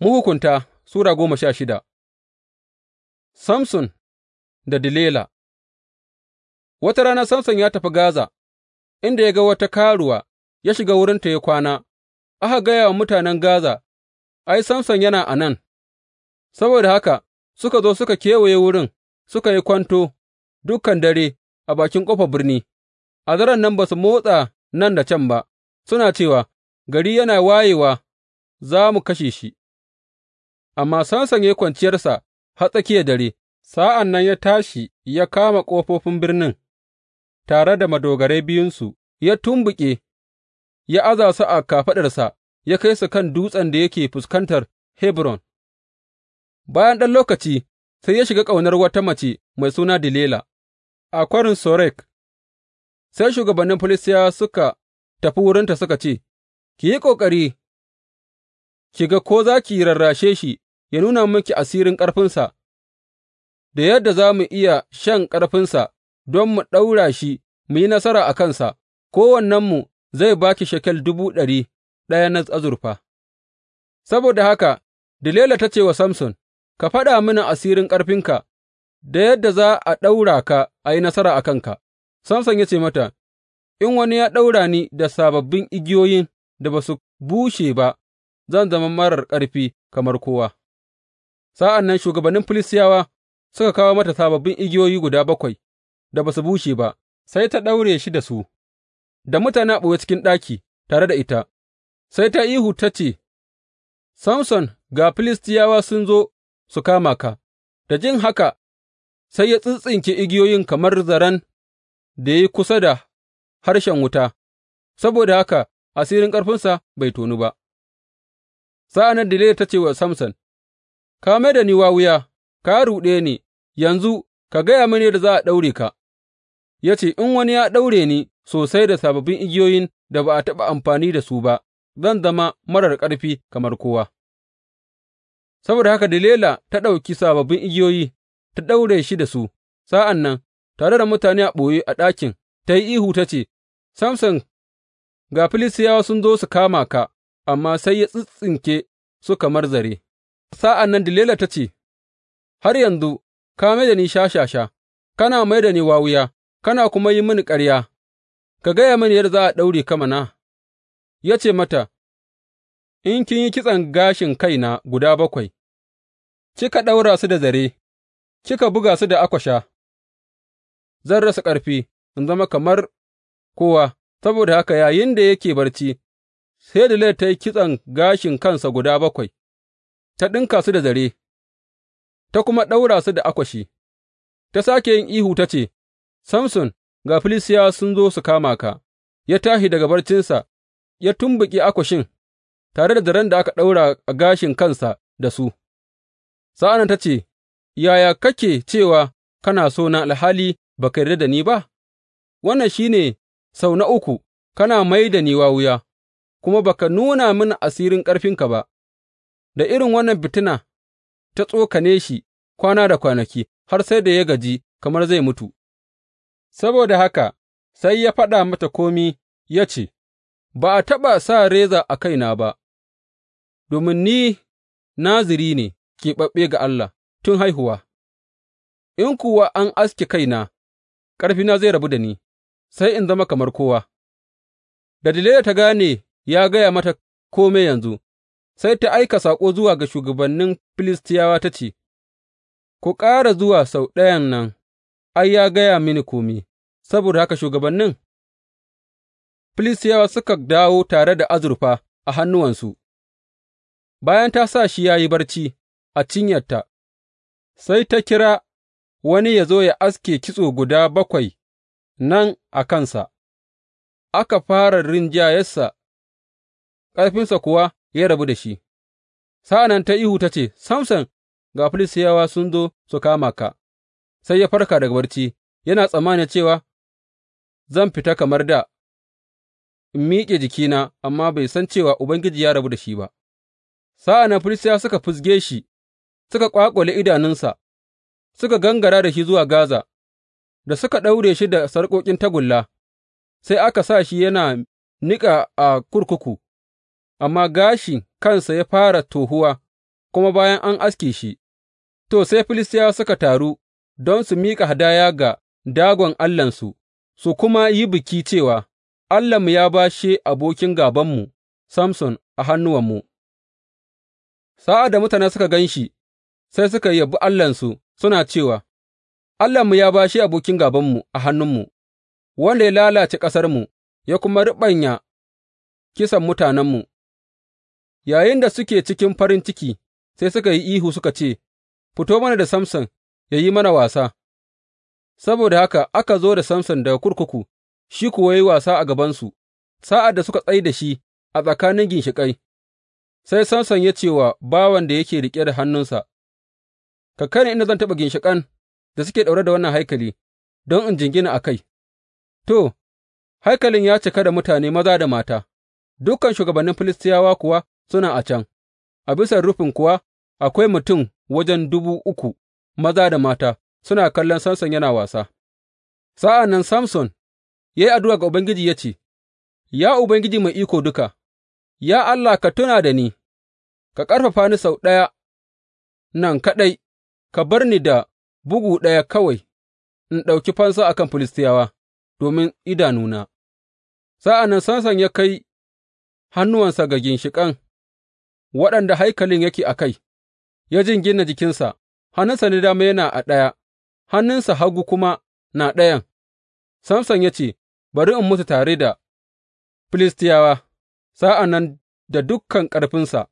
Mahukunta Sura goma sha shida Samson da dilela Wata rana Samson ya tafi Gaza, inda ya ga wata karuwa, ya shiga wurinta ya kwana, aka gaya wa mutanen Gaza, Ai, Samson yana a nan, saboda haka suka zo suka kewaye wurin suka yi kwanto dukkan dare a bakin ƙofar birni, a zaren nan ba su motsa nan da can ba, suna cewa, Gari yana wayewa, za mu kashe shi. Amma Samson ya kwanciyarsa har tsakiyar dare, sa'an nan ya tashi ya kama ƙofofin birnin tare da madogarai biyunsu, ya tumɓuke, ya aza su a kafaɗarsa, ya kai su kan dutsen da yake fuskantar Hebron. Bayan ɗan lokaci, sai ya shiga ƙaunar wata mace mai suna Delila a kwarin Sorek, sai shugabannin Filistiya suka tafi wurinta suka ce, Ki yi ƙoƙari, ki ga ko za ki rarrashe shi ya nuna miki asirin ƙarfinsa, da yadda za mu iya shan ƙarfinsa don mu ɗaura shi mu yi nasara a kansa, kowannenmu zai ba ki shekel dubu ɗari ɗaya na azurfa. Saboda haka, Dalila ta ce wa Samson, Ka faɗa mini asirin ƙarfinka, da yadda za a ɗaura ka a yi nasara a kanka. Samson ya ce mata, In wani ya ɗaura ni da sababbin igiyoyin da ba su bushe ba, zan zama marar ƙarfi kamar kowa. Sa'an nan shugabannin Filistiyawa suka kawo mata sababbin igiyoyi guda bakwai da ba su bushe ba, sai ta daure shi da su, da mutane a ɓoye cikin ɗaki tare da ita, sai ta ihu ta ce, Samson, ga Filistiyawa sun zo su kama ka, da jin haka sai ya tsintsinke igiyoyin kamar zaren da ya yi kusa da harshen wuta, saboda haka asirin ƙarfinsa bai tonu ba. Sa'an nan Delila ta ce wa Samson, Ka mai da ni wawiya, ka ruɗe ni, yanzu ka gaya mini da za a ɗaure ka. Ya ce, In wani ya ɗaure ni sosai da sababbin igiyoyin da ba a taɓa amfani da su ba, zan zama marar ƙarfi kamar kowa. Saboda haka Delila ta ɗauki sababbin igiyoyi, ta ɗaure shi da su, sa'an nan, tare da mutane a ɓoye a ɗakin, ta yi ihu ta ce, Samson, ga Filistiyawa sun zo su kama ka, amma sai ya tsintsinke su kamar zare. Sa'an nan Delila ta ce, Har yanzu ka mai da ni shashasha, kana mai da ni wawuya, kana kuma yi mini ƙarya, ka gaya mini yadda za a daure ka mana, ya ce mata, In kin yi kitson gashin kaina guda bakwai, kika ɗaura su da zare, kika buga su da akwasha, zan rasa ƙarfi in zama kamar kowa, saboda haka yayin yayinda yake barci, sai da ta yi kitson gashin kansa guda bakwai. ta ɗinka su da zare, ta kuma ɗaura su da akwashi, ta sake yin ihu ta ce, Samson, ga Filistiyawa sun zo su kama ka, ya tashi daga barcinsa, ya tumbuƙi akwashin tare da zaren da aka ɗaura a gashin kansa da su. Sa'an ta ce, Yaya kake cewa kana so na alhali ba ka yarda da ni ba? Wannan shi ne sau na uku kana mai da ni wuya kuma ba ka nuna mini asirin ƙarfinka ba. Da irin wannan fitina ta tsokane shi kwana da kwanaki har sai da ya gaji kamar zai mutu, saboda haka sai ya faɗa mata komi ya ce, Ba a taɓa sa reza a kaina ba, domin ni Naziri ne ke keɓaɓɓe ga Allah tun haihuwa, in kuwa an aske kaina, ƙarfina zai rabu da ni, sai in zama kamar kowa. Da ta gane ya gaya mata kome yanzu, sai ta aika saƙo zuwa ga shugabannin Filistiyawa ta ce, Ku ƙara zuwa sau ɗayan nan, ai, ya gaya mini komi, saboda haka shugabannin Filistiyawa suka dawo tare da azurfa a hannuwansu, bayan ta sa shi ya yi barci a cinyarta, sai ta kira wani ya zo ya aske kitso guda bakwai nan a kansa, aka fara rinjayarsa, ƙarfinsa kuwa ya rabu da shi, sa'an nan ta ihu ta ce, Samson, ga Filistiyawa sun zo su kama ka, sai ya farka daga barci, yana tsammanin cewa zan fita kamar da in miƙe jikina, amma bai san cewa Ubangiji ya rabu da shi ba. Sa'an nan Filistiyawa suka fusge shi, suka ƙwaƙule idanunsa, suka gangara da shi zuwa Gaza, da suka ɗaure shi da sarƙoƙin tagulla, sai aka sa shi yana niƙa a kurkuku, amma gashin kansa ya fara tohuwa, kuma bayan an aske shi, to, sai Filistiyawa suka taru don su miƙa hadaya ga dagon Allahnsu, su kuma yi biki cewa, Allahnmu ya ba shi abokin gabanmu Samson, a hannuwanmu. Sa'ad da mutane suka gan shi, sai suka yabi Allahnsu, suna cewa, Allahnmu ya ba shi abokin gabanmu a hannunmu, wanda ya lalace ƙasarmu, ya kuma riɓanya kisan mutanenmu. Yayinda suke cikin farin ciki, sai suka yi ihu suka ce, Fito mana da Samson ya yi mana wasa, saboda haka aka zo da Samson daga kurkuku, shi kuwa yi wasa a gabansu, sa'ad da suka tsai da shi a tsakanin ginshiƙai, sai Samson ya ce wa bawan da yake riƙe da hannunsa, Ka kai ina zan taɓa ginshiƙan da suke ɗaure da wannan haikali, don in jingina a kai. To, haikalin ya cika da mutane maza da mata, dukan shugabannin Filistiyawa kuwa suna a can, a bisan rufin kuwa akwai mutum wajen dubu uku, maza da mata, suna kallon Samson yana wasa. Sa'an nan Samson ya yi addu'a ga Ubangiji ya ce, Ya Ubangiji mai iko duka, ya Allah ka tuna da ni, ka ƙarfafa ni sau ɗaya nan kaɗai, ka bar ni da bugu ɗaya kawai in ɗauki fansa a kan Filistiyawa domin idanuna. Sa'an nan Samson ya kai hannuwansa ga ginshiƙan waɗanda haikalin yake a kai, ya jingina jikinsa, hannunsa na dama yana a ɗaya, hannunsa hagu kuma na ɗayan. Samson ya ce, Bari in mutu tare da Filistiyawa, sa'an nan da dukan ƙarfinsa,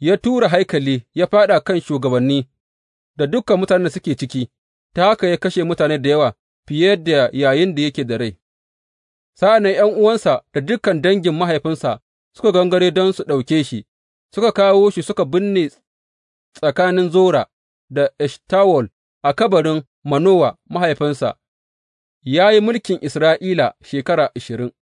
ya tura haikali ya faɗa kan shugabanni da dukan mutanen da suke ciki, ta haka ya kashe mutane da yawa fiye da yayin da yake da rai. Sa'an nan ’yan uwansa da dukan dangin mahaifinsa suka gangare don su ɗauke shi, suka kawo shi suka binne tsakanin Zora da Eshtawol a kabarin Manowa mahaifinsa, ya yi mulkin Isra'ila shekara ashirin.